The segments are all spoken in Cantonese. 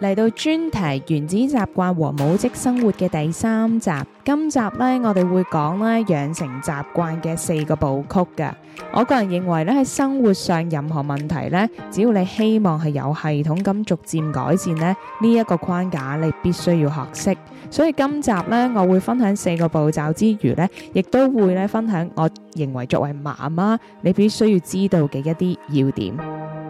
嚟到專題原子習慣和母職生活嘅第三集，今集咧我哋會講咧養成習慣嘅四個部曲嘅。我個人認為咧喺生活上任何問題咧，只要你希望係有系統咁逐漸改善咧，呢一個框架你必須要學識。所以今集咧我會分享四個步驟之餘咧，亦都會咧分享我認為作為媽媽你必須要知道嘅一啲要點。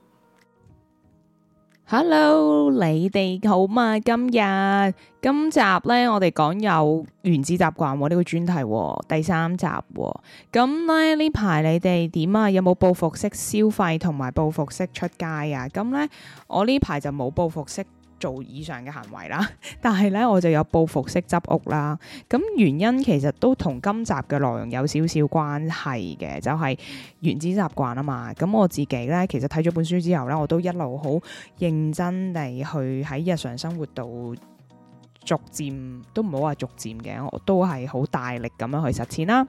Hello，你哋好嘛？今日今集咧，我哋講有原子習慣喎，這個專題喎，第三集喎。咁咧呢排你哋點啊？有冇報復式消費同埋報復式出街啊？咁咧，我呢排就冇報復式。做以上嘅行為啦，但係咧我就有報復式執屋啦。咁原因其實都同今集嘅內容有少少關係嘅，就係原子習慣啊嘛。咁我自己咧其實睇咗本書之後咧，我都一路好認真地去喺日常生活度逐漸，都唔好話逐漸嘅，我都係好大力咁樣去實踐啦。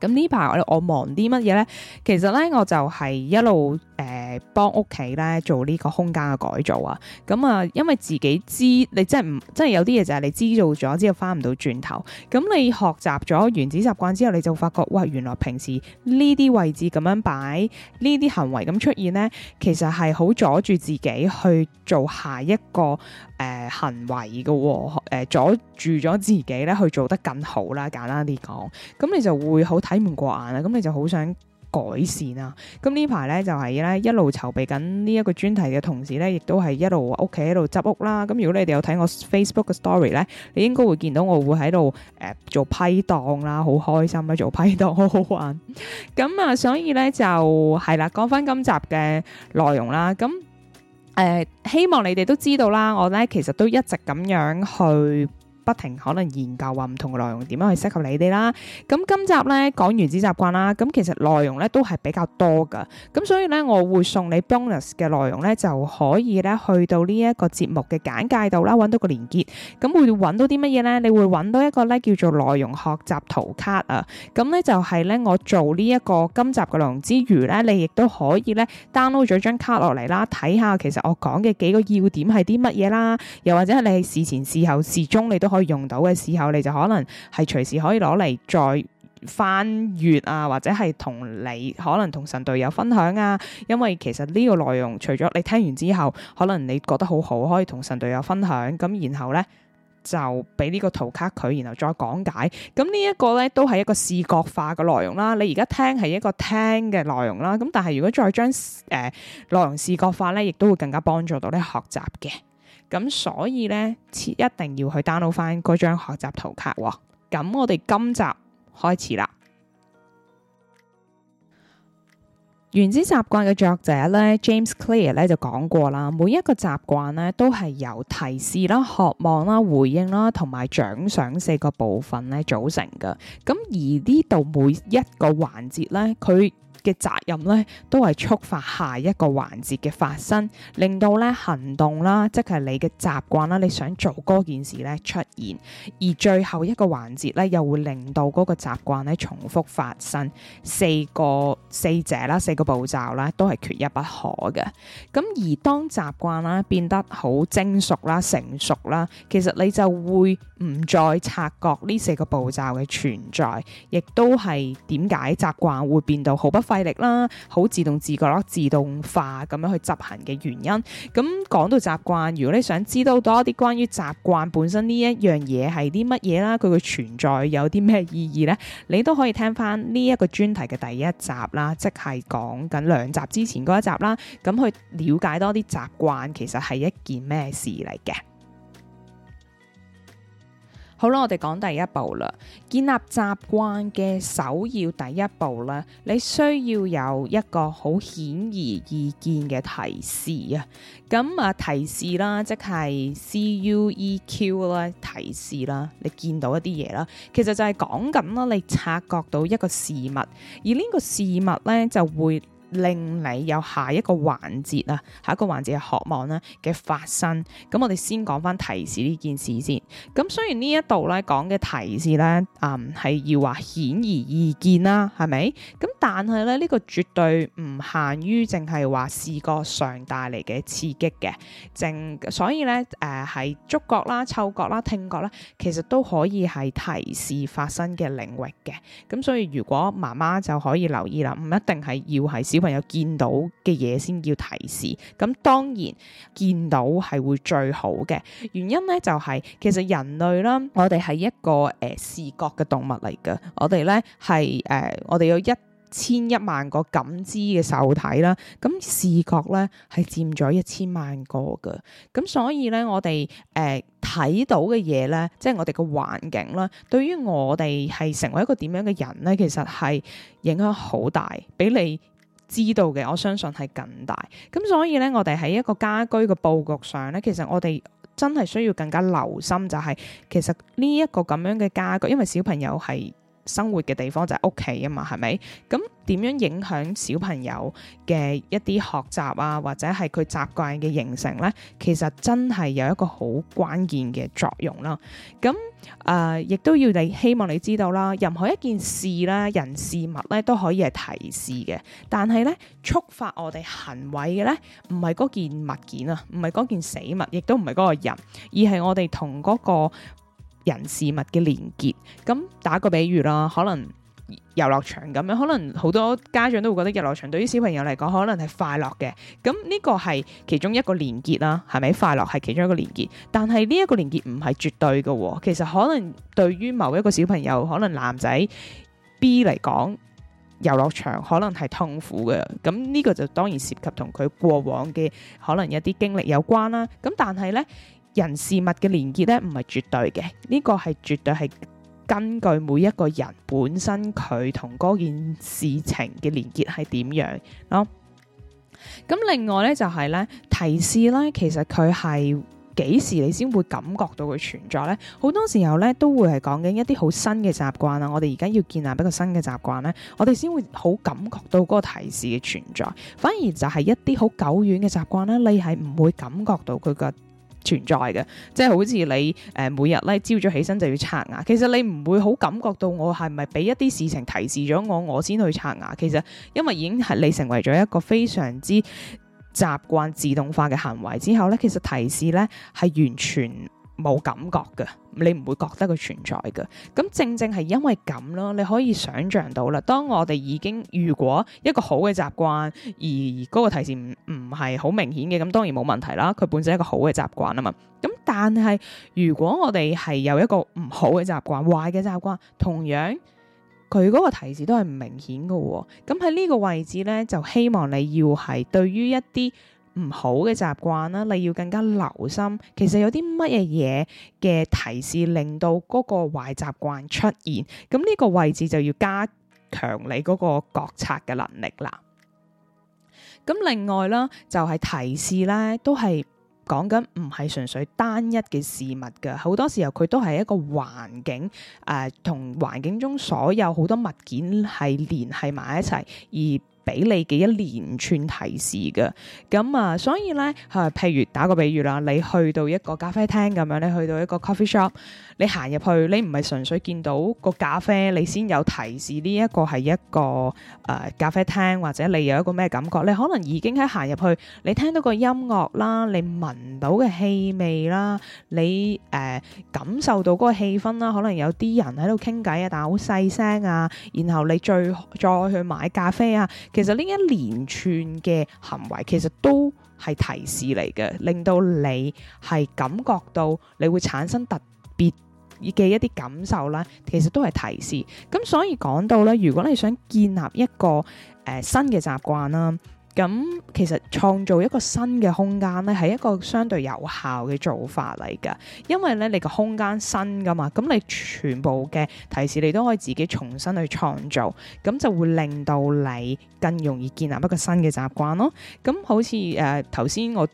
咁呢排呢，我忙啲乜嘢呢？其實呢，我就係一路誒、呃、幫屋企呢做呢個空間嘅改造啊。咁、嗯、啊，因為自己知你真係唔真係有啲嘢就係你知道咗之後返唔到轉頭。咁、嗯、你學習咗原子習慣之後，你就發覺，喂，原來平時呢啲位置咁樣擺，呢啲行為咁出現呢，其實係好阻住自己去做下一個。誒、呃，行為嘅、哦，誒、呃，阻住咗自己咧去做得更好啦，簡單啲講，咁你就會好睇唔過眼啦，咁你就好想改善啦，咁呢排咧就係、是、咧一路籌備緊呢一個專題嘅同時咧，亦都係一路屋企喺度執屋啦，咁如果你哋有睇我 Facebook 嘅 story 咧，你應該會見到我會喺度誒做批檔啦，好開心啊，做批檔好、啊、好玩，咁 啊，所以咧就係啦，講翻今集嘅內容啦，咁。誒、呃、希望你哋都知道啦，我呢其實都一直咁樣去，不停可能研究話唔同嘅內容點樣去適合你哋啦。咁今集咧講原子習慣啦，咁其實內容咧都係比較多噶。咁所以咧我會送你 bonus 嘅內容咧就可以咧去到呢一個節目嘅簡介度啦，揾到個連結。咁會揾到啲乜嘢咧？你會揾到一個咧叫做內容學習圖卡啊。咁咧就係咧我做呢一個今集嘅內容之餘咧，你亦都可以咧 download 咗張卡落嚟啦，睇下其實我講嘅幾個要點係啲乜嘢啦。又或者係你係事前、事後、事終你都。可以用到嘅時候，你就可能係隨時可以攞嚟再翻閱啊，或者係同你可能同神隊友分享啊。因為其實呢個內容，除咗你聽完之後，可能你覺得好好，可以同神隊友分享。咁然後咧就俾呢個圖卡佢，然後再講解。咁呢一個咧都係一個視覺化嘅內容啦。你而家聽係一個聽嘅內容啦。咁但係如果再將誒內容視覺化咧，亦都會更加幫助到你學習嘅。咁所以咧，一定要去 download 翻嗰張學習圖卡喎。咁我哋今集開始啦。原子習慣嘅作者咧，James Clear 咧就講過啦，每一個習慣咧都係由提示啦、渴望啦、回應啦同埋獎賞四個部分咧組成嘅。咁而呢度每一個環節咧，佢嘅責任咧，都係觸發下一個環節嘅發生，令到咧行動啦，即係你嘅習慣啦，你想做嗰件事咧出現，而最後一個環節咧，又會令到嗰個習慣咧重複發生。四個四者啦，四個步驟啦，都係缺一不可嘅。咁而當習慣啦變得好精熟啦、成熟啦，其實你就會唔再察覺呢四個步驟嘅存在，亦都係點解習慣會變到毫不費力啦，好自動自覺咯自動化咁樣去執行嘅原因。咁講到習慣，如果你想知道多啲關於習慣本身呢一樣嘢係啲乜嘢啦，佢嘅存在有啲咩意義呢？你都可以聽翻呢一個專題嘅第一集啦，即係講緊兩集之前嗰一集啦，咁去了解多啲習慣其實係一件咩事嚟嘅。好啦，我哋講第一步啦，建立習慣嘅首要第一步啦，你需要有一個好顯而易見嘅提示啊。咁、嗯、啊，提示啦，即係 cue 啦，提示啦，你見到一啲嘢啦，其實就係講緊啦，你察覺到一個事物，而呢個事物咧就會。令你有下一個環節啦，下一個環節嘅渴望啦嘅發生。咁我哋先講翻提示呢件事先。咁雖然呢一度咧講嘅提示咧，誒、嗯、係要話顯而易見啦，係咪？咁但係咧呢、呢個絕對唔限於淨係話視覺上帶嚟嘅刺激嘅。淨所以咧誒係觸覺啦、嗅覺啦、聽覺啦，其實都可以係提示發生嘅領域嘅。咁所以如果媽媽就可以留意啦，唔一定係要係小。朋友見到嘅嘢先叫提示，咁當然見到係會最好嘅。原因咧就係、是、其實人類啦，我哋係一個誒、呃、視覺嘅動物嚟嘅，我哋咧係誒我哋有一千一萬個感知嘅受體啦，咁視覺咧係佔咗一千萬個嘅，咁所以咧我哋誒睇到嘅嘢咧，即、就、係、是、我哋個環境啦，對於我哋係成為一個點樣嘅人咧，其實係影響好大，俾你。知道嘅，我相信係更大。咁所以咧，我哋喺一個家居嘅布局上咧，其實我哋真係需要更加留心，就是，就係其實呢一個咁樣嘅家居，因為小朋友係。生活嘅地方就係屋企啊嘛，係咪？咁點樣影響小朋友嘅一啲學習啊，或者係佢習慣嘅形成呢？其實真係有一個好關鍵嘅作用啦。咁誒，亦、呃、都要你希望你知道啦。任何一件事啦，人事物咧，都可以係提示嘅。但係咧，觸發我哋行為嘅咧，唔係嗰件物件啊，唔係嗰件死物，亦都唔係嗰個人，而係我哋同嗰個。人事物嘅連結，咁打個比喻啦。可能遊樂場咁樣，可能好多家長都會覺得遊樂場對於小朋友嚟講，可能係快樂嘅。咁呢個係其中一個連結啦，係咪快樂係其中一個連結？但係呢一個連結唔係絕對嘅喔，其實可能對於某一個小朋友，可能男仔 B 嚟講，遊樂場可能係痛苦嘅。咁呢個就當然涉及同佢過往嘅可能一啲經歷有關啦。咁但係呢。人事物嘅連結咧，唔係絕對嘅。呢、這個係絕對係根據每一個人本身佢同嗰件事情嘅連結係點樣咯。咁、no? 另外咧就係、是、咧提示咧，其實佢係幾時你先會感覺到佢存在呢？好多時候咧都會係講緊一啲好新嘅習慣啊。我哋而家要建立一個新嘅習慣咧，我哋先會好感覺到嗰個提示嘅存在。反而就係一啲好久遠嘅習慣咧，你係唔會感覺到佢個。存在嘅，即係好似你誒、呃，每日咧朝早起身就要刷牙，其實你唔會好感覺到我係咪俾一啲事情提示咗我，我先去刷牙。其實因為已經係你成為咗一個非常之習慣自動化嘅行為之後咧，其實提示咧係完全。冇感覺嘅，你唔會覺得佢存在嘅。咁正正係因為咁咯，你可以想象到啦。當我哋已經如果一個好嘅習慣，而嗰個提示唔唔係好明顯嘅，咁當然冇問題啦。佢本身係一個好嘅習慣啊嘛。咁但係如果我哋係有一個唔好嘅習慣、壞嘅習慣，同樣佢嗰個提示都係唔明顯嘅喎。咁喺呢個位置呢，就希望你要係對於一啲，唔好嘅習慣啦，你要更加留心。其實有啲乜嘢嘢嘅提示令到嗰個壞習慣出現，咁呢個位置就要加強你嗰個覺察嘅能力啦。咁另外啦，就係、是、提示咧，都係講緊唔係純粹單一嘅事物㗎，好多時候佢都係一個環境，誒、呃、同環境中所有好多物件係連繫埋一齊而俾你嘅一連串提示嘅，咁啊，所以呢，係譬如打個比喻啦，你去到一個咖啡廳咁樣，你去到一個 coffee shop。你行入去，你唔係純粹見到個咖啡，你先有提示呢一個係一個誒咖啡廳，或者你有一個咩感覺？你可能已經喺行入去，你聽到個音樂啦，你聞到嘅氣味啦，你誒、呃、感受到嗰個氣氛啦，可能有啲人喺度傾偈啊，但係好細聲啊。然後你最再去買咖啡啊，其實呢一連串嘅行為，其實都係提示嚟嘅，令到你係感覺到你會產生特別。嘅一啲感受啦，其實都係提示。咁所以講到咧，如果你想建立一個誒、呃、新嘅習慣啦，咁其實創造一個新嘅空間咧，係一個相對有效嘅做法嚟噶。因為咧，你個空間新噶嘛，咁你全部嘅提示你都可以自己重新去創造，咁就會令到你更容易建立一個新嘅習慣咯。咁好似誒頭先我。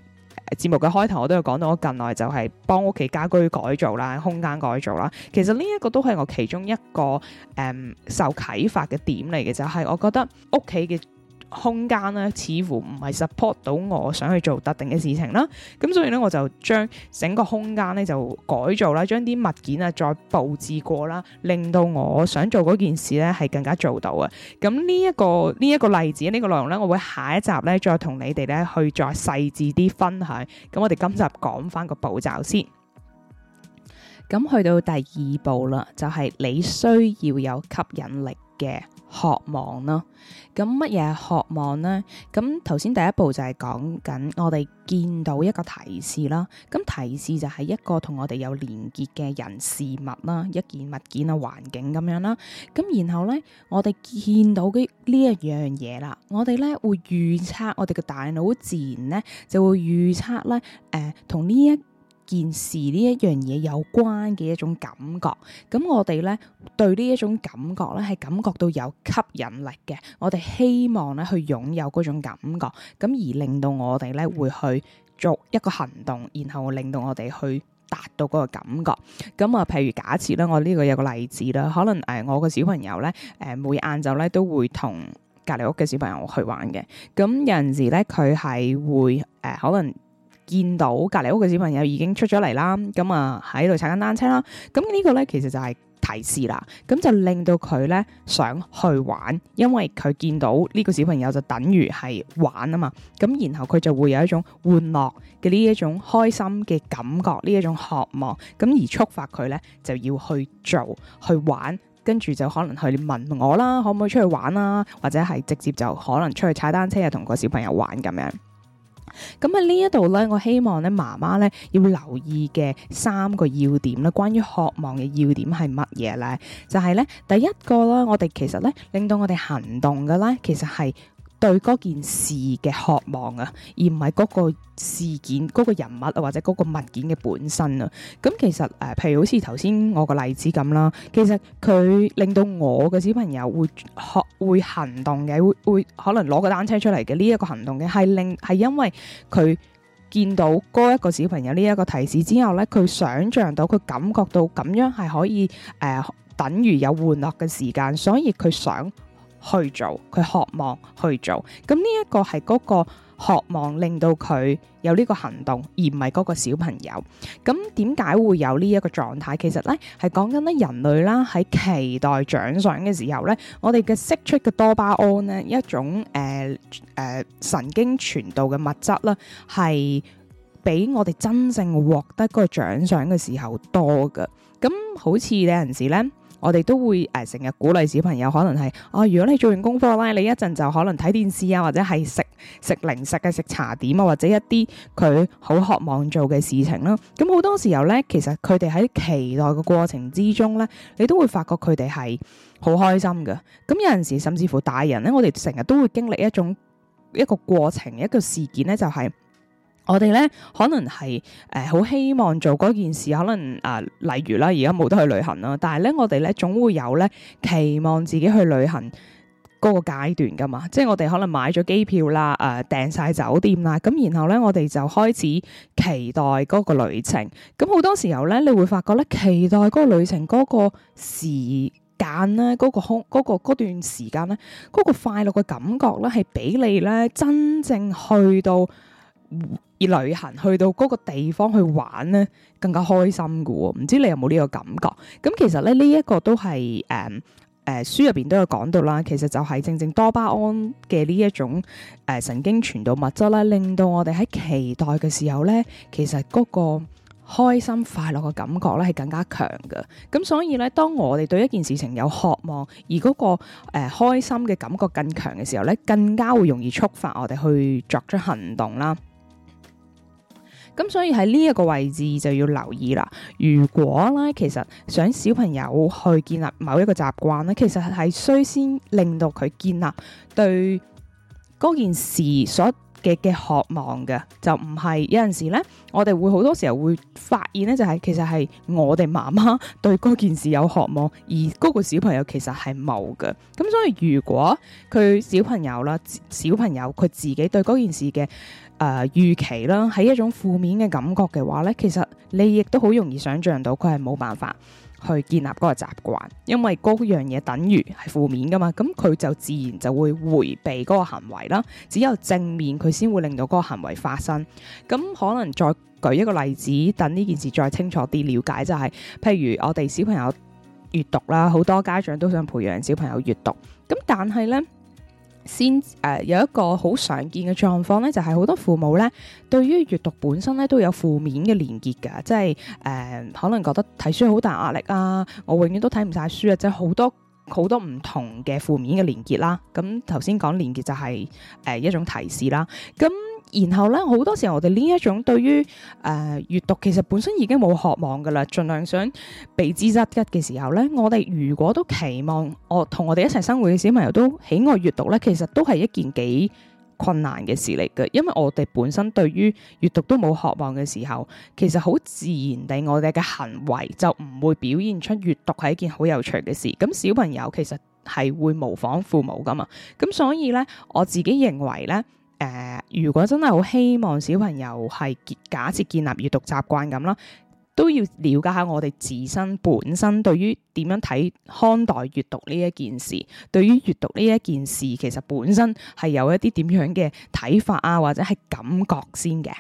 節目嘅開頭我都有講到，我近來就係幫屋企家居改造啦、空間改造啦，其實呢一個都係我其中一個誒、嗯、受啟發嘅點嚟嘅，就係、是、我覺得屋企嘅。空間咧，似乎唔係 support 到我想去做特定嘅事情啦。咁所以咧，我就將整個空間咧就改造啦，將啲物件啊再佈置過啦，令到我想做嗰件事咧係更加做到嘅。咁呢一個呢一個例子呢個內容咧，我會下一集咧再同你哋咧去再細緻啲分享。咁我哋今集講返個步驟先。咁去到第二步啦，就係你需要有吸引力嘅。渴望啦，咁乜嘢係渴望呢？咁頭先第一步就係講緊我哋見到一個提示啦，咁提示就係一個同我哋有連結嘅人事物啦，一件物件啊，環境咁樣啦，咁然後呢，我哋見到嘅呢一樣嘢啦，我哋呢會預測，我哋嘅大腦自然呢就會預測呢，誒、呃，同呢一件事呢一樣嘢有關嘅一種感覺，咁我哋呢對呢一種感覺呢係感覺到有吸引力嘅，我哋希望呢去擁有嗰種感覺，咁而令到我哋呢會去做一個行動，然後令到我哋去達到嗰個感覺。咁、嗯、啊，譬如假設咧，我呢個有個例子啦，可能誒、呃、我個小朋友呢，誒、呃、每晏晝呢都會同隔離屋嘅小朋友去玩嘅，咁有陣時呢，佢係會誒、呃、可能。見到隔離屋嘅小朋友已經出咗嚟啦，咁啊喺度踩緊單車啦，咁呢個呢，其實就係提示啦，咁就令到佢呢想去玩，因為佢見到呢個小朋友就等於係玩啊嘛，咁然後佢就會有一種玩樂嘅呢一種開心嘅感覺，呢一種渴望，咁而觸發佢呢，就要去做去玩，跟住就可能去問我啦，可唔可以出去玩啦，啊，或者係直接就可能出去踩單車啊，同個小朋友玩咁樣。咁喺呢一度咧，我希望咧，媽媽咧要留意嘅三個要點咧，關於渴望嘅要點係乜嘢咧？就係咧，第一個咧，我哋其實咧令到我哋行動嘅咧，其實係。對嗰件事嘅渴望啊，而唔係嗰個事件、嗰個人物啊，或者嗰個物件嘅本身啊。咁其實誒，譬如好似頭先我個例子咁啦，其實佢令到我個小朋友會學會行動嘅，會會可能攞個單車出嚟嘅呢一個行動嘅，係令係因為佢見到嗰一個小朋友呢一個提示之後呢，佢想像到佢感覺到咁樣係可以誒等於有玩樂嘅時間，所以佢想。去做，佢渴望去做，咁呢一個係嗰個渴望令到佢有呢個行動，而唔係嗰個小朋友。咁點解會有呢一個狀態？其實呢係講緊咧人類啦，喺期待獎賞嘅時候呢，我哋嘅釋出嘅多巴胺呢，一種誒誒、呃呃、神經傳導嘅物質啦，係比我哋真正獲得嗰個獎賞嘅時候多㗎。咁好似有陣時呢。我哋都會誒成日鼓勵小朋友，可能係哦，如果你做完功課啦，你一陣就可能睇電視啊，或者係食食零食嘅、食茶點啊，或者一啲佢好渴望做嘅事情啦。咁好多時候呢，其實佢哋喺期待嘅過程之中呢，你都會發覺佢哋係好開心嘅。咁有陣時，甚至乎大人呢，我哋成日都會經歷一種，一個過程，一個事件呢、就係，就係。我哋咧可能係誒好希望做嗰件事，可能啊、呃、例如啦，而家冇得去旅行啦。但係咧，我哋咧總會有咧期望自己去旅行嗰個階段噶嘛。即係我哋可能買咗機票啦，誒、呃、訂晒酒店啦，咁然後咧我哋就開始期待嗰個旅程。咁好多時候咧，你會發覺咧，期待嗰個旅程嗰個時間咧，嗰、嗰個空嗰、嗰個嗰段時間咧，嗰、嗰個快樂嘅感覺咧，係畀你咧真正去到。而旅行去到嗰個地方去玩咧，更加開心噶喎。唔知你有冇呢個感覺？咁其實咧呢一個都係誒誒書入邊都有講到啦。其實就係正正多巴胺嘅呢一種誒、呃、神經傳導物質啦，令到我哋喺期待嘅時候咧，其實嗰個開心快樂嘅感覺咧係更加強嘅。咁所以咧，當我哋對一件事情有渴望，而嗰、那個誒、呃、開心嘅感覺更強嘅時候咧，更加會容易觸發我哋去作出行動啦。咁、嗯、所以喺呢一個位置就要留意啦。如果咧，其實想小朋友去建立某一個習慣咧，其實係需先令到佢建立對嗰件事所嘅嘅渴望嘅，就唔係有陣時咧，我哋會好多時候會發現咧，就係、是、其實係我哋媽媽對嗰件事有渴望，而嗰個小朋友其實係冇嘅。咁、嗯、所以如果佢小朋友啦，小朋友佢自己對嗰件事嘅。誒、呃、預期啦，係一種負面嘅感覺嘅話呢，其實你亦都好容易想像到佢係冇辦法去建立嗰個習慣，因為嗰樣嘢等於係負面噶嘛，咁佢就自然就會回避嗰個行為啦。只有正面佢先會令到嗰個行為發生。咁可能再舉一個例子，等呢件事再清楚啲了解，就係，就係譬如我哋小朋友閱讀啦，好多家長都想培養小朋友閱讀，咁但係呢。先誒、呃、有一個好常見嘅狀況咧，就係、是、好多父母咧對於閱讀本身咧都有負面嘅連結㗎，即係誒、呃、可能覺得睇書好大壓力啊，我永遠都睇唔晒書啊，即係好多好多唔同嘅負面嘅連結啦。咁頭先講連結就係、是、誒、呃、一種提示啦，咁、嗯。然後咧，好多時候我哋呢一種對於誒、呃、閱讀，其實本身已經冇渴望噶啦，盡量想避之則吉嘅時候咧，我哋如果都期望我同我哋一齊生活嘅小朋友都喜愛閱讀咧，其實都係一件幾困難嘅事嚟嘅，因為我哋本身對於閱讀都冇渴望嘅時候，其實好自然地我哋嘅行為就唔會表現出閱讀係一件好有趣嘅事。咁小朋友其實係會模仿父母噶嘛，咁所以咧，我自己認為咧。誒，uh, 如果真係好希望小朋友係假設建立閱讀習慣咁啦，都要了解下我哋自身本身對於點樣睇看待閱讀呢一件事，對於閱讀呢一件事，其實本身係有一啲點樣嘅睇法啊，或者係感覺先嘅。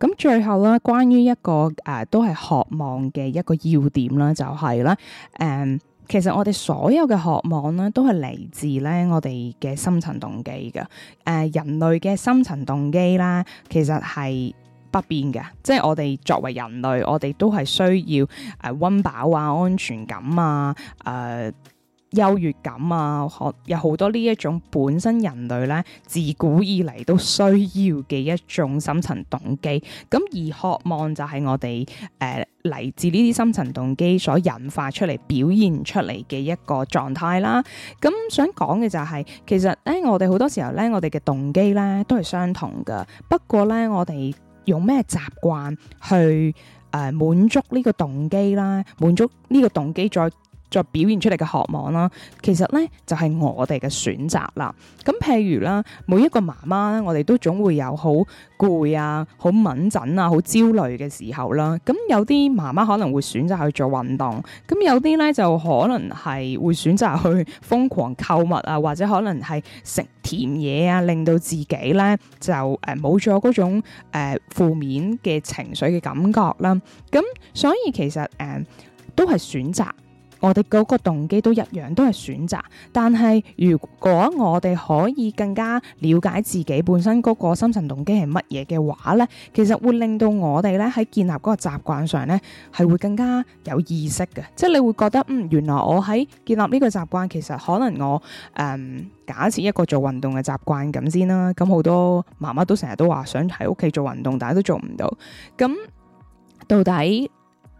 咁最後啦，關於一個誒，uh, 都係渴望嘅一個要點啦，就係、是、啦，誒、uh。其實我哋所有嘅渴望咧，都係嚟自咧我哋嘅深層動機嘅。誒人類嘅深層動機啦，其實係不變嘅，即係我哋作為人類，我哋都係需要誒、呃、温飽啊、安全感啊、誒、呃。優越感啊，可有好多呢一種本身人類咧自古以嚟都需要嘅一種深層動機，咁而渴望就係我哋誒嚟自呢啲深層動機所引發出嚟表現出嚟嘅一個狀態啦。咁想講嘅就係、是，其實咧我哋好多時候咧我哋嘅動機咧都係相同㗎，不過咧我哋用咩習慣去誒、呃、滿足呢個動機啦，滿足呢個動機再。再表現出嚟嘅渴望啦，其實呢就係、是、我哋嘅選擇啦。咁譬如啦，每一個媽媽我哋都總會有好攰啊、好敏準啊、好焦慮嘅時候啦。咁有啲媽媽可能會選擇去做運動，咁有啲呢就可能係會選擇去瘋狂購物啊，或者可能係食甜嘢啊，令到自己呢就誒冇咗嗰種誒、呃、負面嘅情緒嘅感覺啦。咁所以其實誒、呃、都係選擇。我哋嗰個動機都一樣，都係選擇。但係如果我哋可以更加了解自己本身嗰個深層動機係乜嘢嘅話呢，其實會令到我哋咧喺建立嗰個習慣上呢係會更加有意識嘅。即係你會覺得，嗯，原來我喺建立呢個習慣，其實可能我誒、嗯、假設一個做運動嘅習慣咁先啦。咁好多媽媽都成日都話想喺屋企做運動，但係都做唔到。咁到底？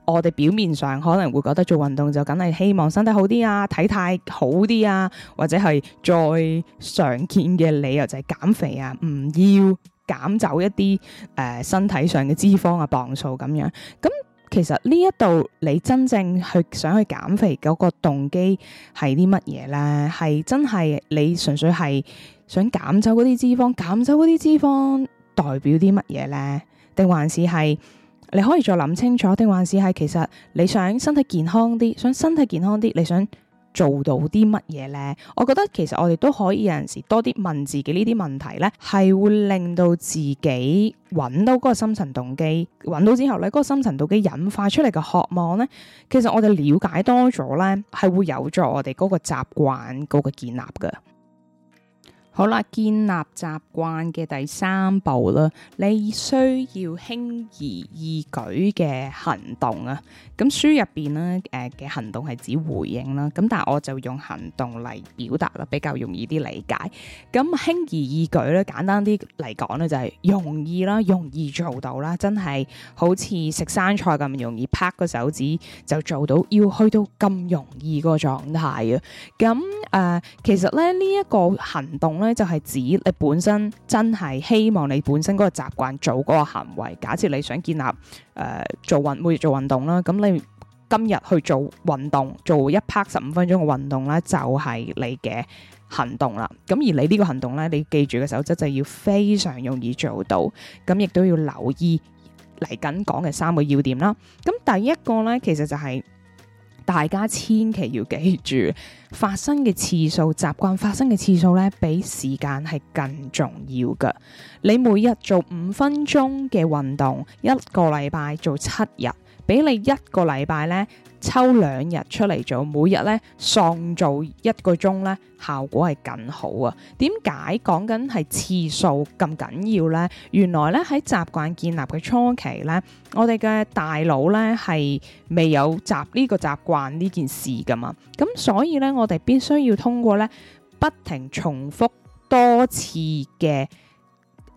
我哋表面上可能會覺得做運動就梗係希望身體好啲啊，體態好啲啊，或者係再常見嘅理由就係減肥啊，唔要減走一啲誒、呃、身體上嘅脂肪啊磅數咁樣。咁其實呢一度你真正去想去減肥嗰個動機係啲乜嘢咧？係真係你純粹係想減走嗰啲脂肪，減走嗰啲脂肪代表啲乜嘢咧？定還是係？你可以再諗清楚，定還是係，其實你想身體健康啲，想身體健康啲，你想做到啲乜嘢呢？我覺得其實我哋都可以有陣時多啲問自己呢啲問題呢，係會令到自己揾到嗰個深層動機，揾到之後呢，嗰個深層動機引發出嚟嘅渴望呢，其實我哋了解多咗呢，係會有助我哋嗰個習慣嗰個建立嘅。好啦，建立習慣嘅第三步啦，你需要輕而易舉嘅行動啊。咁書入邊咧，誒、呃、嘅行動係指回應啦。咁但係我就用行動嚟表達啦，比較容易啲理解。咁輕而易舉咧，簡單啲嚟講咧，就係容易啦，容易做到啦，真係好似食生菜咁容易，拍個手指就做到，要去到咁容易個狀態啊。咁誒、呃，其實咧呢一、這個行動咧。咧就係指你本身真係希望你本身嗰個習慣做嗰個行為，假設你想建立誒，做運，每日做運動啦，咁你今日去做運動，做一 part 十五分鐘嘅運動咧，就係你嘅行動啦。咁而你呢個行動咧，你記住嘅守則就要非常容易做到，咁亦都要留意嚟緊講嘅三個要點啦。咁第一個咧，其實就係。大家千祈要記住，發生嘅次數、習慣發生嘅次數咧，比時間係更重要嘅。你每日做五分鐘嘅運動，一個禮拜做七日，比你一個禮拜咧，抽兩日出嚟做，每日咧喪做一個鐘咧，效果係更好啊！點解講緊係次數咁緊要呢？原來咧喺習慣建立嘅初期咧，我哋嘅大腦咧係未有習呢個習慣呢件事㗎嘛，咁所以咧我哋必須要通過咧不停重複多次嘅。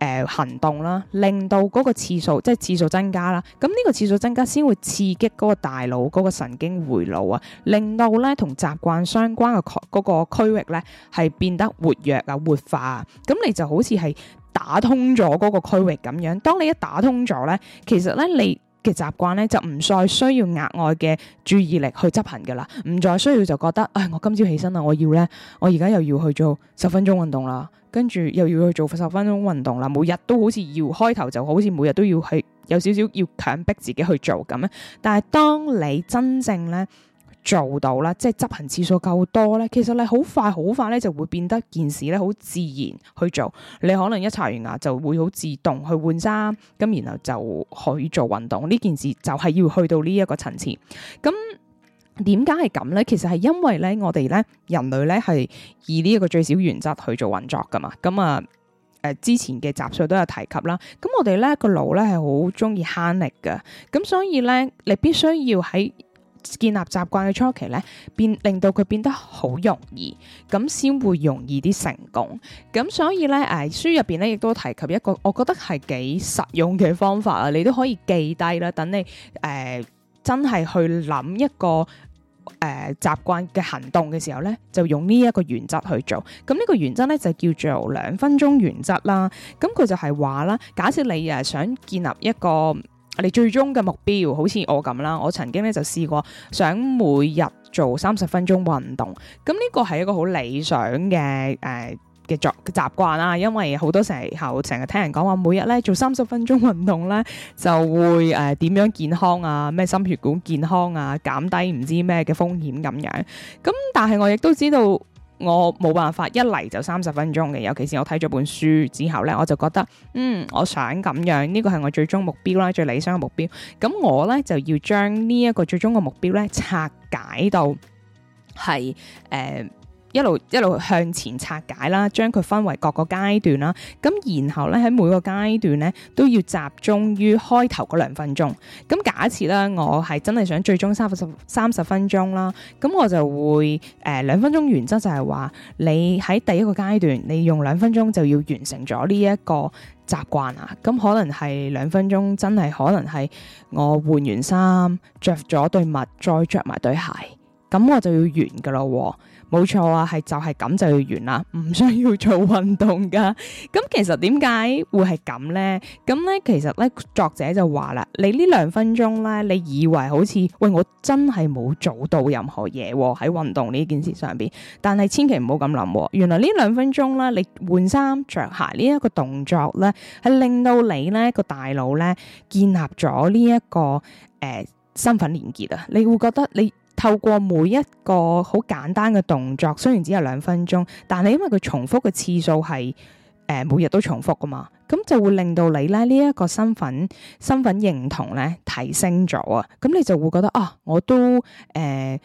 誒、呃、行動啦，令到嗰個次數即係次數增加啦，咁呢個次數增加先會刺激嗰個大腦嗰、嗰個神經回路啊，令到咧同習慣相關嘅嗰個區域咧係變得活躍啊、活化啊，咁你就好似係打通咗嗰個區域咁樣。當你一打通咗咧，其實咧你嘅習慣咧，就唔再需要額外嘅注意力去執行㗎啦，唔再需要就覺得，唉，我今朝起身啦，我要咧，我而家又要去做十分鐘運動啦，跟住又要去做十分鐘運動啦，每日都好似要開頭就好似每日都要去有少少要強迫自己去做咁樣，但係當你真正咧。做到啦，即係執行次數夠多咧，其實你好快好快咧就會變得件事咧好自然去做。你可能一刷完牙就會好自動去換衫，咁然後就去做運動。呢件事就係要去到呢一個層次。咁點解係咁咧？其實係因為咧，我哋咧人類咧係以呢一個最小原則去做運作噶嘛。咁啊，誒、呃、之前嘅雜碎都有提及啦。咁我哋咧個腦咧係好中意慳力噶，咁所以咧你必須要喺。建立習慣嘅初期咧，變令到佢變得好容易，咁先會容易啲成功。咁所以咧，誒、呃、書入邊咧亦都提及一個，我覺得係幾實用嘅方法啊！你都可以記低啦，等你誒、呃、真係去諗一個誒、呃、習慣嘅行動嘅時候咧，就用呢一個原則去做。咁呢個原則咧就叫做兩分鐘原則啦。咁佢就係話啦，假設你誒想建立一個。你最終嘅目標，好似我咁啦，我曾經咧就試過想每日做三十分鐘運動，咁、這、呢個係一個好理想嘅誒嘅作習慣啦，因為好多時候成日聽人講，話每日咧做三十分鐘運動咧就會誒點、呃、樣健康啊，咩心血管健康啊，減低唔知咩嘅風險咁樣，咁但係我亦都知道，我冇辦法，一嚟就三十分鐘嘅。尤其是我睇咗本書之後咧，我就覺得，嗯，我想咁樣，呢個係我最終目標啦，最理想嘅目標。咁我咧就要將呢一個最終嘅目標咧拆解到係誒。呃一路一路向前拆解啦，將佢分為各個階段啦。咁然後咧喺每個階段咧都要集中於開頭嗰兩分鐘。咁假設咧，我係真係想最終三十三十分鐘啦，咁我就會誒、呃、兩分鐘原則就係話，你喺第一個階段，你用兩分鐘就要完成咗呢一個習慣啊。咁可能係兩分鐘真係可能係我換完衫，着咗對襪，再着埋對鞋，咁我就要完噶啦。冇錯啊，係就係咁就要完啦，唔需要做運動噶。咁 其實點解會係咁呢？咁咧其實咧作者就話啦，你兩鐘呢兩分鐘咧，你以為好似喂，我真係冇做到任何嘢喎、啊，喺運動呢件事上邊，但係千祈唔好咁諗。原來兩鐘呢兩分鐘咧，你換衫着鞋呢一個動作咧，係令到你咧個大腦咧建立咗呢一個誒、呃、身份連結啊，你會覺得你。透過每一個好簡單嘅動作，雖然只有兩分鐘，但係因為佢重複嘅次數係誒每日都重複噶嘛，咁就會令到你咧呢一、這個身份身份認同咧提升咗啊！咁你就會覺得啊，我都誒誒、呃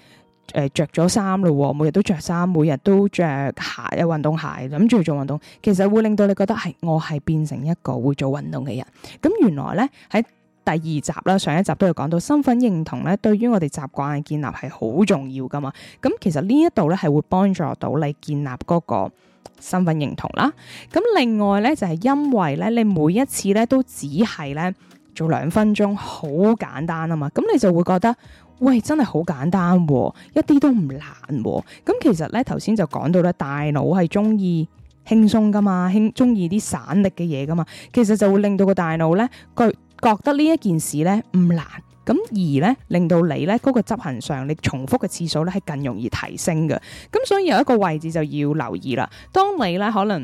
呃、着咗衫咯，每日都着衫，每日都着鞋啊，運動鞋，諗住做運動，其實會令到你覺得係、哎、我係變成一個會做運動嘅人。咁原來咧喺。第二集啦，上一集都有講到身份認同咧，對於我哋習慣嘅建立係好重要㗎嘛。咁其實呢一度咧係會幫助到你建立嗰個身份認同啦。咁另外咧就係因為咧你每一次咧都只係咧做兩分鐘，好簡單啊嘛。咁你就會覺得，喂，真係好簡單喎，一啲都唔難喎。咁其實咧頭先就講到咧大腦係鍾意輕鬆㗎嘛，輕鍾意啲省力嘅嘢㗎嘛。其實就會令到個大腦咧，佢覺得呢一件事咧唔難，咁而咧令到你咧嗰個執行上，你重複嘅次數咧係更容易提升嘅，咁所以有一個位置就要留意啦。當你咧可能，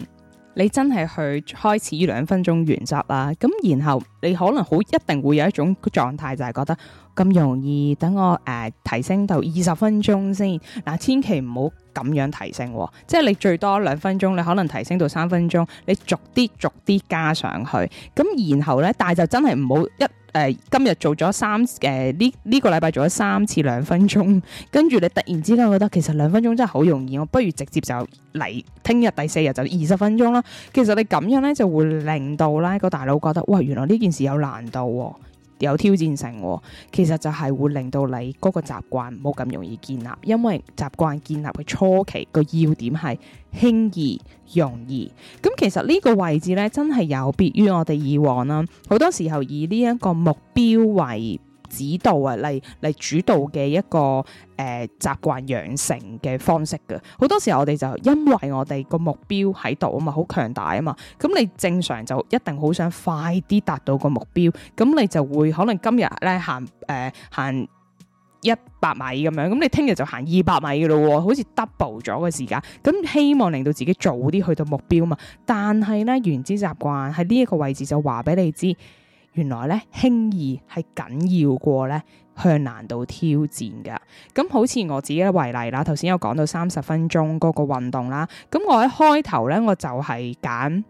你真係去開始呢兩分鐘原習原則啦，咁然後你可能好一定會有一種狀態，就係覺得咁容易，等我誒、uh，提升到二十分鐘先。嗱、啊，千祈唔好咁樣提升喎、哦，即係你最多兩分鐘，你可能提升到三分鐘，你逐啲逐啲加上去，咁然後呢，但係就真係唔好一。誒、呃、今日做咗三，誒、呢呢個禮拜做咗三次兩分鐘，跟住你突然之間覺得其實兩分鐘真係好容易，我不如直接就嚟聽日第四日就二十分鐘啦。其實你咁樣呢，就會令到咧個大腦覺得，嘩，原來呢件事有難度喎、哦。有挑戰性喎，其實就係會令到你嗰個習慣冇咁容易建立，因為習慣建立嘅初期個要點係輕易容易。咁其實呢個位置呢，真係有別於我哋以往啦，好多時候以呢一個目標為，指導啊，嚟嚟主導嘅一個誒、呃、習慣養成嘅方式嘅，好多時候我哋就因為我哋個目標喺度啊嘛，好強大啊嘛，咁你正常就一定好想快啲達到個目標，咁你就會可能今日咧行誒、呃、行一百米咁樣，咁你聽日就行二百米嘅咯喎，好似 double 咗嘅時間，咁希望令到自己早啲去到目標啊嘛，但係呢，原子習慣喺呢一個位置就話俾你知。原來咧，輕易係緊要過咧向難度挑戰噶。咁好似我自己為例啦，頭先有講到三十分鐘嗰個運動啦。咁我喺開頭咧，我就係揀，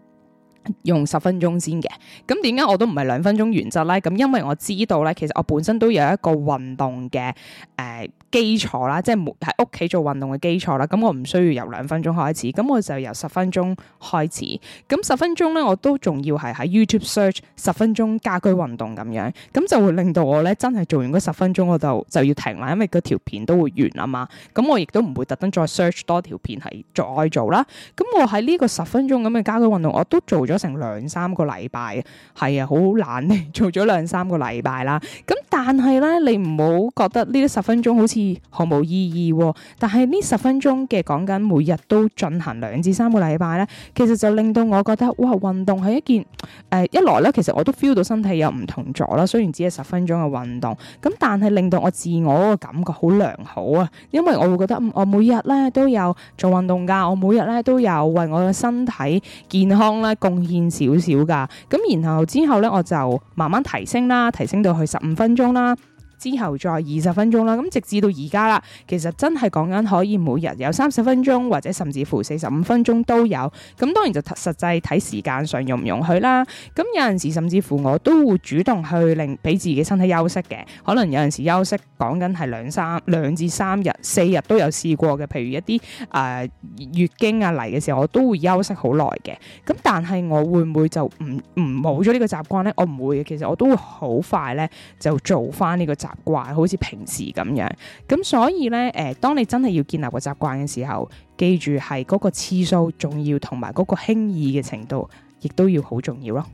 用十分鐘先嘅，咁點解我都唔係兩分鐘原則咧？咁因為我知道咧，其實我本身都有一個運動嘅誒、呃、基礎啦，即係喺屋企做運動嘅基礎啦。咁我唔需要由兩分鐘開始，咁我就由十分鐘開始。咁十分鐘咧，我都仲要係喺 YouTube search 十分鐘家居運動咁樣，咁就會令到我咧，真係做完嗰十分鐘，我就就要停啦，因為嗰條片都會完啊嘛。咁我亦都唔會特登再 search 多條片係再做啦。咁我喺呢個十分鐘咁嘅家居運動我都做咗。咗成兩三個禮拜啊，係啊，好懶咧，做咗兩三個禮拜啦。咁但係咧，你唔好覺得呢啲十分鐘好似毫無意義。啊。但係呢十分鐘嘅講緊，每日都進行兩至三個禮拜咧，其實就令到我覺得，哇，運動係一件誒、呃，一來咧，其實我都 feel 到身體有唔同咗啦。雖然只係十分鐘嘅運動，咁但係令到我自我嗰個感覺好良好啊。因為我會覺得，我每日咧都有做運動噶，我每日咧都有為我嘅身體健康咧共。欠少少噶，咁、 嗯、然後之後咧，我就慢慢提升啦，提升到去十五分鐘啦。之後再二十分鐘啦，咁直至到而家啦，其實真係講緊可以每日有三十分鐘，或者甚至乎四十五分鐘都有。咁當然就實際睇時間上容唔容許啦。咁有陣時甚至乎我都會主動去令俾自己身體休息嘅，可能有陣時休息講緊係兩三兩至三日、四日都有試過嘅。譬如一啲誒、呃、月經啊嚟嘅時候，我都會休息好耐嘅。咁但係我會唔會就唔唔冇咗呢個習慣呢？我唔會嘅，其實我都會好快呢，就做翻呢個習慣。慣好似平時咁樣，咁所以呢，誒，當你真係要建立個習慣嘅時候，記住係嗰個次數重要，同埋嗰個輕易嘅程度，亦都要好重要咯。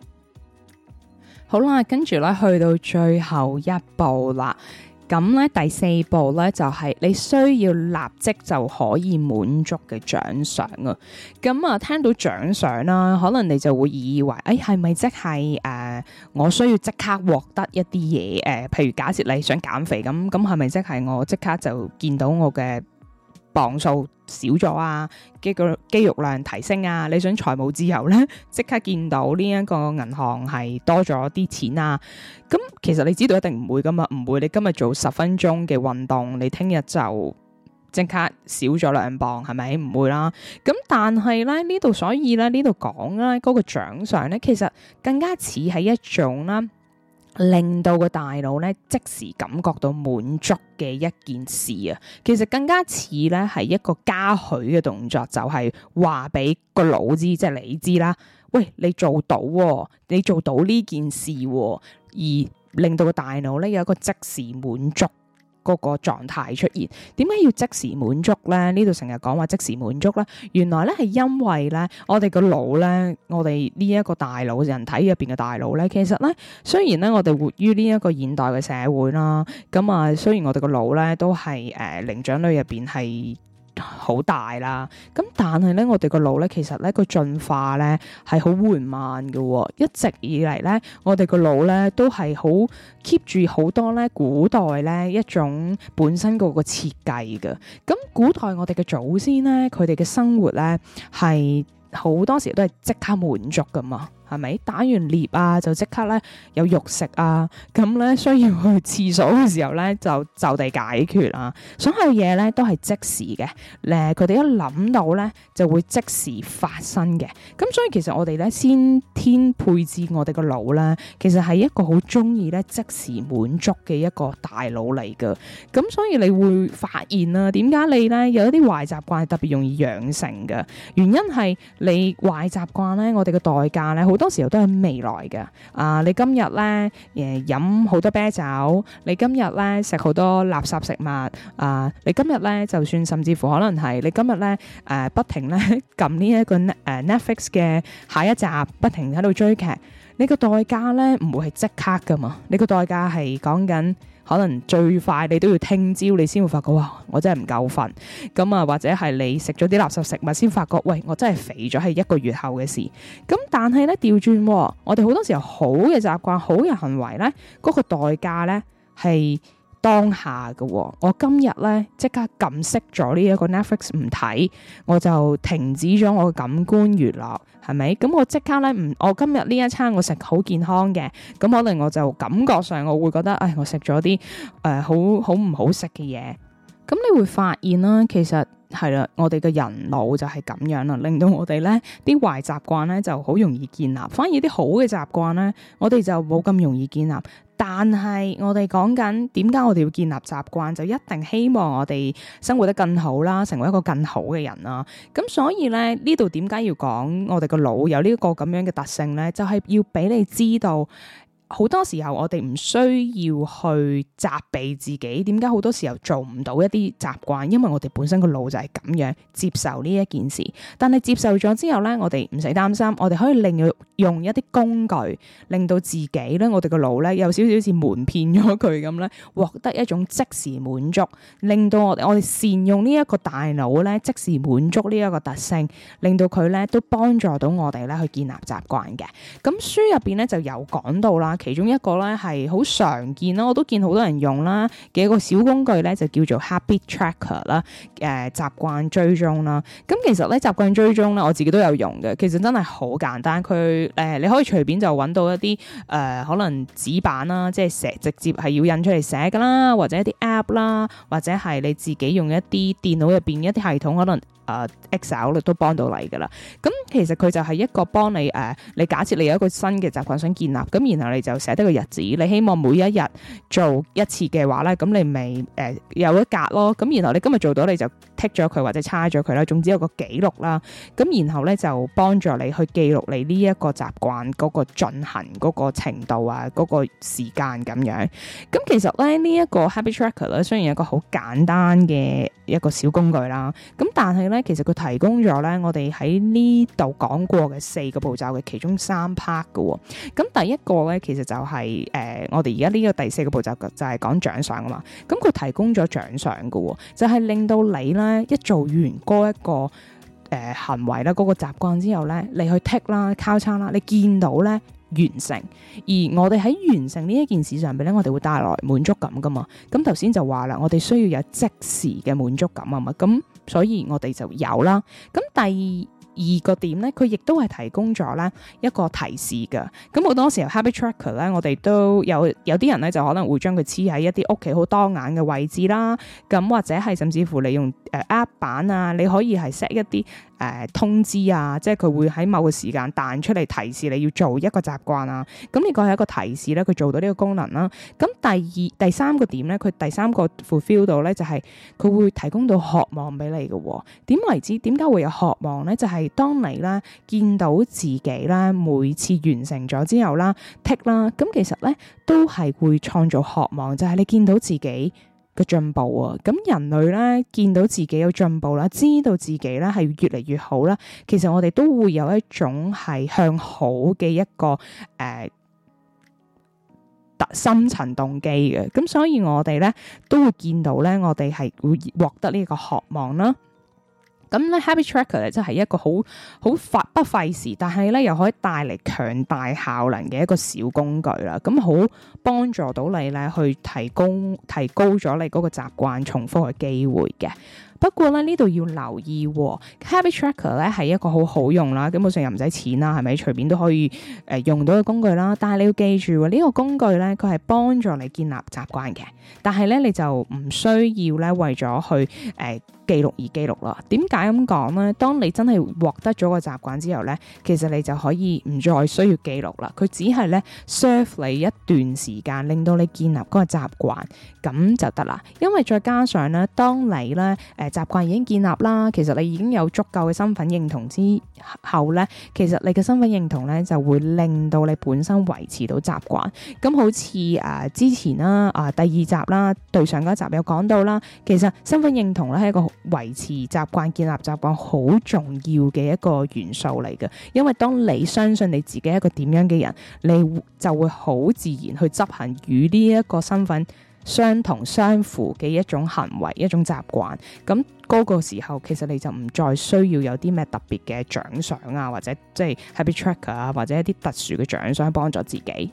好啦，跟住咧去到最後一步啦。咁咧、嗯、第四步咧就係、是、你需要立即就可以滿足嘅獎賞啊！咁、嗯、啊聽到獎賞啦，可能你就會以為誒係咪即係誒我需要即刻獲得一啲嘢誒？譬如假設你想減肥咁，咁係咪即係我即刻就見到我嘅？磅數少咗啊，肌肉肌肉量提升啊？你想財務自由呢，即刻見到呢一個銀行係多咗啲錢啊？咁其實你知道一定唔會噶嘛，唔會你今日做十分鐘嘅運動，你聽日就即刻少咗兩磅，係咪唔會啦？咁但係咧呢度，所以咧呢度講咧嗰個獎賞呢，其實更加似係一種啦。令到個大腦咧即時感覺到滿足嘅一件事啊，其實更加似咧係一個嘉許嘅動作，就係話俾個腦知，即係你知啦，喂，你做到、喎，你做到呢件事、喎，而令到個大腦咧有一個即時滿足。嗰個狀態出現，點解要即時滿足呢？呢度成日講話即時滿足咧，原來呢係因為呢，我哋個腦呢，我哋呢一個大腦，人體入邊嘅大腦呢。其實呢，雖然呢，我哋活於呢一個現代嘅社會啦，咁、嗯、啊，雖然我哋個腦呢都係誒靈長類入邊係。好大啦，咁但係咧，我哋個腦咧，其實咧個進化咧係好緩慢嘅哦，一直以嚟咧，我哋個腦咧都係好 keep 住好多咧古代咧一種本身嗰個設計嘅。咁古代我哋嘅祖先咧，佢哋嘅生活咧係好多時都係即刻滿足噶嘛。係咪打完獵啊，就即刻咧有肉食啊。咁咧，需要去廁所嘅時候咧，就就地解決啊，所有嘢咧都係即時嘅，誒佢哋一諗到咧就會即時發生嘅。咁所以其實我哋咧先天配置我哋個腦咧，其實係一個好中意咧即時滿足嘅一個大腦嚟嘅。咁所以你會發現啊，點解你咧有一啲壞習慣係特別容易養成㗎？原因係你壞習慣咧，我哋嘅代價咧好多時候都係未來嘅啊。你今日咧，誒飲好多啤酒，你今日咧食好多垃圾食物啊，你今日咧就算甚至乎可能係你今日咧誒不停咧撳呢一個誒 Netflix 嘅下一集，不停喺度追劇，你個代價咧唔會係即刻噶嘛，你個代價係講緊。可能最快你都要聽朝，你先會發覺哇，我真係唔夠瞓咁啊，或者係你食咗啲垃圾食物先發覺，喂，我真係肥咗係一個月後嘅事。咁但係咧調轉，我哋好多時候好嘅習慣、好嘅行為咧，嗰個代價咧係。當下嘅、哦、我今日咧即刻撳熄咗呢一個 Netflix 唔睇，我就停止咗我嘅感官娛樂，係咪？咁我即刻咧唔，我今日呢一餐我食好健康嘅，咁可能我就感覺上我會覺得，誒、哎，我食咗啲誒好好唔好食嘅嘢。咁你會發現啦，其實係啦，我哋嘅人腦就係咁樣啦，令到我哋咧啲壞習慣咧就好容易建立，反而啲好嘅習慣咧，我哋就冇咁容易建立。但係我哋講緊點解我哋要建立習慣，就一定希望我哋生活得更好啦，成為一個更好嘅人啦。咁所以呢，呢度點解要講我哋個腦有呢個咁樣嘅特性呢？就係要俾你知道。好多時候我哋唔需要去責備自己，點解好多時候做唔到一啲習慣，因為我哋本身個腦就係咁樣接受呢一件事。但係接受咗之後咧，我哋唔使擔心，我哋可以利用用一啲工具，令到自己咧，我哋個腦咧有少少似蒙騙咗佢咁咧，獲得一種即時滿足，令到我哋我哋善用呢一個大腦咧，即時滿足呢一個特性，令到佢咧都幫助到我哋咧去建立習慣嘅。咁書入邊咧就有講到啦。其中一個咧係好常見啦，我都見好多人用啦嘅一個小工具咧，就叫做 habit tracker 啦、呃，誒習慣追蹤啦。咁其實咧習慣追蹤咧，我自己都有用嘅。其實真係好簡單，佢誒、呃、你可以隨便就揾到一啲誒、呃、可能紙版啦，即係寫直接係要印出嚟寫噶啦，或者一啲 app 啦，或者係你自己用一啲電腦入邊一啲系統可能誒、呃、Excel 都幫到你噶啦。咁其實佢就係一個幫你誒、呃、你假設你有一個新嘅習慣想建立，咁然後你，就寫得個日子，你希望每一日做一次嘅話咧，咁你咪誒、呃、有一格咯。咁然後你今日做到你就剔咗佢或者叉咗佢啦，總之有個記錄啦。咁然後咧就幫助你去記錄你呢一個習慣嗰個進行嗰個程度啊，嗰、那個時間咁樣。咁其實咧呢、這個、Record，一個 habit tracker 咧，雖然有一個好簡單嘅一個小工具啦，咁但係咧其實佢提供咗咧我哋喺呢度講過嘅四個步驟嘅其中三 part 㗎喎。咁第一個咧其其實就係、是、誒、呃，我哋而家呢個第四個步驟就係講獎賞噶嘛，咁佢提供咗獎賞噶，就係令到你咧一做完嗰一個誒、呃、行為啦，嗰個習慣之後咧，你去踢啦、交叉啦，你見到咧完成，而我哋喺完成呢一件事上邊咧，我哋會帶來滿足感噶嘛。咁頭先就話啦，我哋需要有即時嘅滿足感啊嘛，咁所以我哋就有啦。咁第二。二個點咧，佢亦都係提供咗啦一個提示嘅。咁好多時候，Habit Tracker 咧，Tracker，我哋都有有啲人咧就可能會將佢黐喺一啲屋企好當眼嘅位置啦。咁或者係甚至乎你用誒、呃、App 版啊，你可以係 set 一啲。誒、呃、通知啊，即係佢會喺某個時間彈出嚟提示你要做一個習慣啊，咁呢個係一個提示咧，佢做到呢個功能啦。咁第二、第三個點咧，佢第三個 fulfill 度咧就係佢會提供到渴望俾你嘅、啊。點為之，點解會有渴望咧？就係、是、當你啦見到自己啦，每次完成咗之後啦 tick 啦，咁其實咧都係會創造渴望，就係、是、你見到自己。嘅進步喎，咁人類咧見到自己有進步啦，知道自己咧係越嚟越好啦，其實我哋都會有一種係向好嘅一個誒、呃、深層動機嘅，咁所以我哋咧都會見到咧，我哋係會獲得呢個渴望啦。咁咧，Habit Tracker 咧，即係、就是，一個好好不費事，但係咧又可以帶嚟強大效能嘅一個小工具啦。咁好幫助到你咧，去提供提高咗你嗰個習慣重複嘅機會嘅。不過咧呢度要留意，哦、Habit Tracker 咧係一個好好用啦，根本上又唔使錢啦，係咪？隨便都可以誒、呃、用到嘅工具啦。但係你要記住呢、呢個工具咧，佢係幫助你建立習慣嘅。但係咧，你就唔需要咧為咗去誒、呃、記錄而記錄咯。點解咁講呢？當你真係獲得咗個習慣之後咧，其實你就可以唔再需要記錄啦。佢只係咧 serve 你一段時間，令到你建立嗰個習慣咁就得啦。因為再加上咧，當你咧誒、呃、習慣已經建立啦，其實你已經有足夠嘅身份認同之後咧，其實你嘅身份認同咧就會令到你本身維持到習慣。咁好似誒、呃、之前啦，啊、呃、第二集。集啦，對上嗰集有講到啦。其實身份認同咧係一個維持習慣、建立習慣好重要嘅一個元素嚟嘅，因為當你相信你自己係一個點樣嘅人，你就會好自然去執行與呢一個身份相同相符嘅一種行為，一種習慣。咁嗰個時候，其實你就唔再需要有啲咩特別嘅獎賞啊，或者即係 Happy Tracker 啊，或者一啲特殊嘅獎賞幫助自己。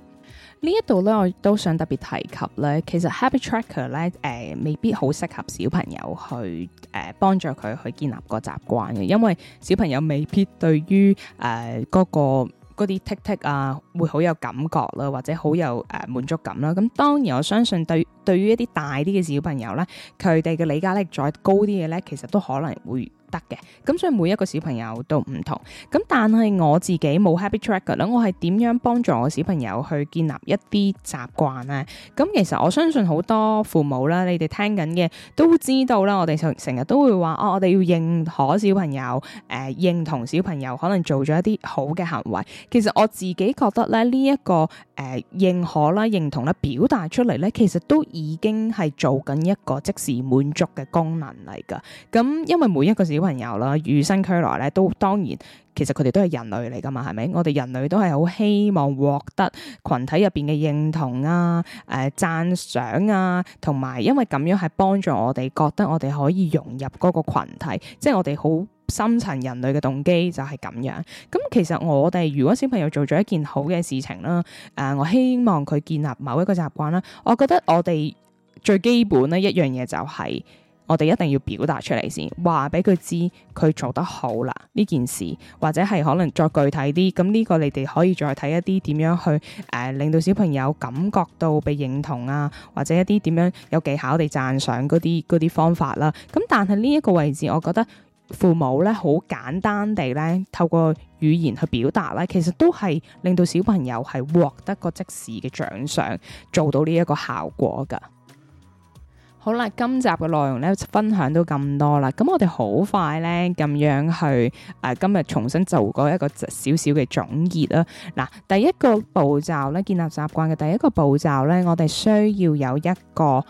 呢一度咧，我都想特別提及咧，其實 Habit Tracker 咧，誒、呃、未必好適合小朋友去誒幫、呃、助佢去建立個習慣嘅，因為小朋友未必對於誒嗰啲 tick tick 啊，會好有感覺啦，或者好有誒滿、呃、足感啦。咁當然我相信對對於一啲大啲嘅小朋友咧，佢哋嘅理解力再高啲嘅咧，其實都可能會。得嘅，咁、嗯、所以每一個小朋友都唔同，咁、嗯、但係我自己冇 habit tracker 啦，我係點樣幫助我小朋友去建立一啲習慣咧？咁、嗯、其實我相信好多父母啦，你哋聽緊嘅都知道啦，我哋成成日都會話哦，我哋要認可小朋友，誒、呃、認同小朋友可能做咗一啲好嘅行為。其實我自己覺得咧，呢、這、一個誒、呃、認可啦、認同啦、表達出嚟，咧，其實都已經係做緊一個即時滿足嘅功能嚟噶咁、嗯、因為每一個小，小朋友啦，與生俱來咧，都當然，其實佢哋都係人類嚟噶嘛，係咪？我哋人類都係好希望獲得群體入邊嘅認同啊，誒讚賞啊，同埋因為咁樣係幫助我哋覺得我哋可以融入嗰個群體，即係我哋好深層人類嘅動機就係咁樣。咁其實我哋如果小朋友做咗一件好嘅事情啦，誒、呃，我希望佢建立某一個習慣啦，我覺得我哋最基本咧一樣嘢就係、是。我哋一定要表達出嚟先，話俾佢知佢做得好啦呢件事，或者係可能再具體啲。咁呢個你哋可以再睇一啲點樣去誒、呃、令到小朋友感覺到被認同啊，或者一啲點樣有技巧地讚賞嗰啲嗰啲方法啦。咁但係呢一個位置，我覺得父母咧好簡單地咧透過語言去表達咧，其實都係令到小朋友係獲得個即時嘅獎賞，做到呢一個效果噶。好啦，今集嘅內容咧，分享到咁多啦，咁我哋好快咧咁樣去，誒、呃，今日重新做過一個少少嘅總結啦。嗱，第一個步驟咧，建立習慣嘅第一個步驟咧，我哋需要有一個。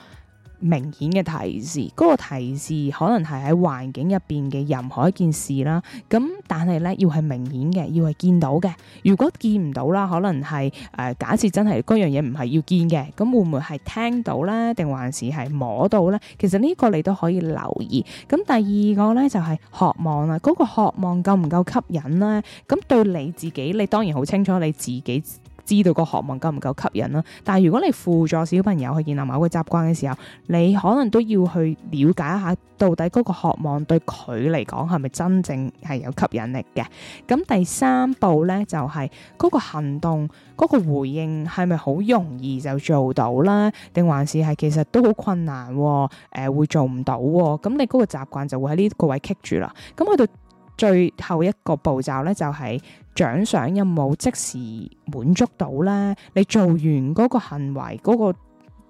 明顯嘅提示，嗰個提示可能係喺環境入邊嘅任何一件事啦。咁但係咧，要係明顯嘅，要係見到嘅。如果見唔到啦，可能係誒、呃，假設真係嗰樣嘢唔係要見嘅，咁會唔會係聽到咧？定還是係摸到咧？其實呢個你都可以留意。咁第二個咧就係渴望啦，嗰個渴望夠唔夠吸引咧？咁對你自己，你當然好清楚你自己。知道個渴望夠唔夠吸引啦，但係如果你輔助小朋友去建立某個習慣嘅時候，你可能都要去了解一下到底嗰個渴望對佢嚟講係咪真正係有吸引力嘅。咁第三步呢，就係、是、嗰個行動嗰、那個回應係咪好容易就做到啦？定還是係其實都好困難、啊，誒、呃、會做唔到、啊。咁你嗰個習慣就會喺呢個位棘住啦。咁去到最後一個步驟呢，就係、是。獎賞有冇即時滿足到呢？你做完嗰個行為嗰、嗰個誒、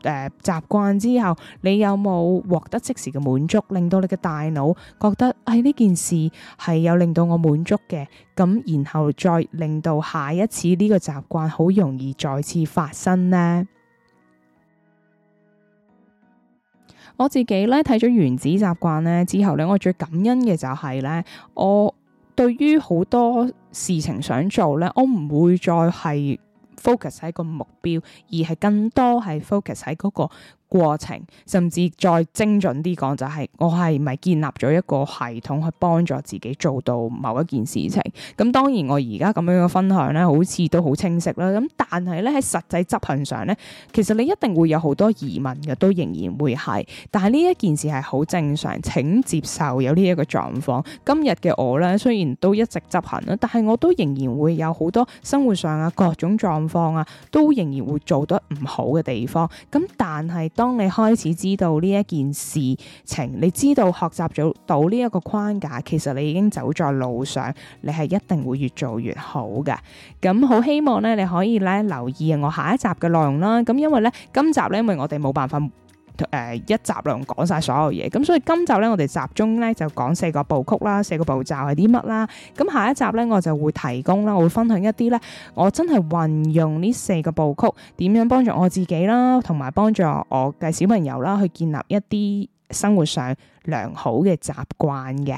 呃、習慣之後，你有冇獲得即時嘅滿足，令到你嘅大腦覺得係、哎、呢件事係有令到我滿足嘅？咁然後再令到下一次呢個習慣好容易再次發生呢。我自己咧睇咗原子習慣呢，之後咧，我最感恩嘅就係咧我。對於好多事情想做咧，我唔會再係 focus 喺個目標，而係更多係 focus 喺嗰個過程，甚至再精準啲講就係我係咪建立咗一個系統去幫助自己做到某一件事情？咁當然我而家咁樣嘅分享咧，好似都好清晰啦。咁但係咧，喺實際執行上咧，其實你一定會有好多疑問嘅，都仍然會係，但係呢一件事係好正常，請接受有呢一個狀況，今日嘅我咧，雖然都一直執行啦，但係我都仍然會有好多生活上啊各種狀況啊，都仍然會做得唔好嘅地方。咁但係當。當你開始知道呢一件事情，你知道學習到呢一個框架，其實你已經走在路上，你係一定會越做越好嘅。咁好希望咧，你可以咧留意我下一集嘅內容啦。咁因為咧，今集咧，因為我哋冇辦法。誒、呃，一集量講晒所有嘢，咁所以今集咧，我哋集中咧就講四個部曲啦，四個步驟係啲乜啦，咁下一集咧，我就會提供啦，我會分享一啲咧，我真係運用呢四個部曲，點樣幫助我自己啦，同埋幫助我嘅小朋友啦，去建立一啲生活上良好嘅習慣嘅。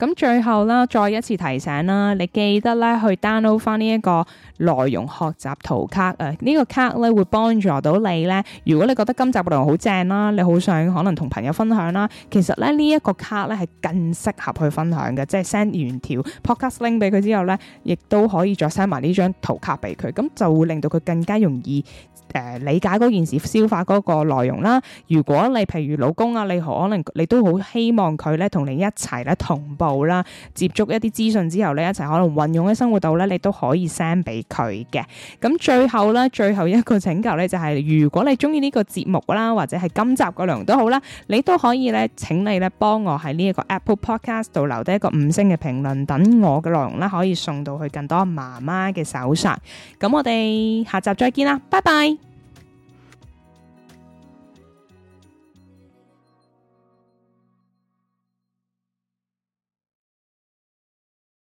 咁最後啦，再一次提醒啦，你記得咧去 download 翻呢一個內容學習圖卡啊！呢、呃呢個卡咧會幫助到你咧。如果你覺得今集內容好正啦，你好想可能同朋友分享啦，其實咧呢一個卡咧係更適合去分享嘅，即係 send 完條 podcast link 俾佢之後咧，亦都可以再 send 埋呢張圖卡俾佢，咁就會令到佢更加容易誒理解嗰件事、消化嗰個內容啦。如果你譬如老公啊，你可能你都好希望佢咧同你一齊咧同步。好啦，接觸一啲資訊之後咧，一齊可能運用喺生活度咧，你都可以 send 俾佢嘅。咁最後咧，最後一個請求咧就係如果你中意呢個節目啦，或者係今集嘅內容都好啦，你都可以咧，請你咧幫我喺呢一個 Apple Podcast 度留低一個五星嘅評論，等我嘅內容啦可以送到去更多媽媽嘅手上。咁我哋下集再見啦，拜拜。